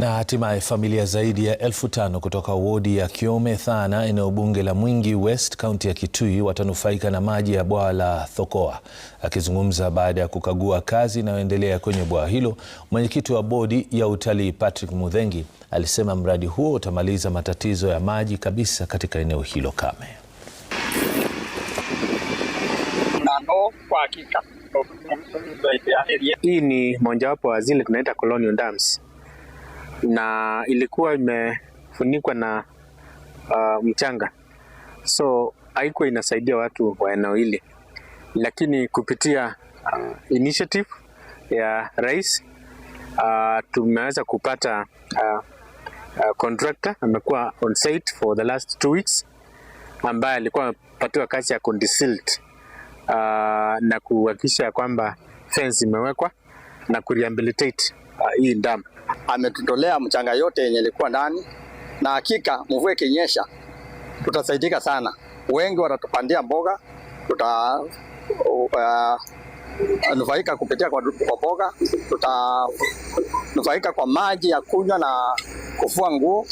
Na hatimaye familia zaidi ya elfu tano kutoka wodi ya Kiome Thana eneo bunge la Mwingi West kaunti ya Kitui watanufaika na maji ya bwawa la Thokoa. Akizungumza baada ya kukagua kazi inayoendelea kwenye bwawa hilo, mwenyekiti wa bodi ya utalii Patrick Mudhengi alisema mradi huo utamaliza matatizo ya maji kabisa katika eneo hilo kame. Hii ni mojawapo wa zile tunaita colonial dams na ilikuwa imefunikwa na uh, mchanga, so haikuwa inasaidia watu wa eneo hili, lakini kupitia uh, initiative ya rais uh, tumeweza kupata uh, uh, contractor amekuwa on site for the last two weeks ambaye alikuwa amepatiwa kazi ya kundisilt uh, na kuhakikisha kwamba fence imewekwa na kurehabilitate uh, hii damu ametutolea mchanga yote yenye ilikuwa ndani, na hakika mvua ikinyesha tutasaidika sana. Wengi watatupandia mboga, tuta uh, nufaika kupitia kwa mboga, tutanufaika kwa maji ya kunywa na kufua nguo.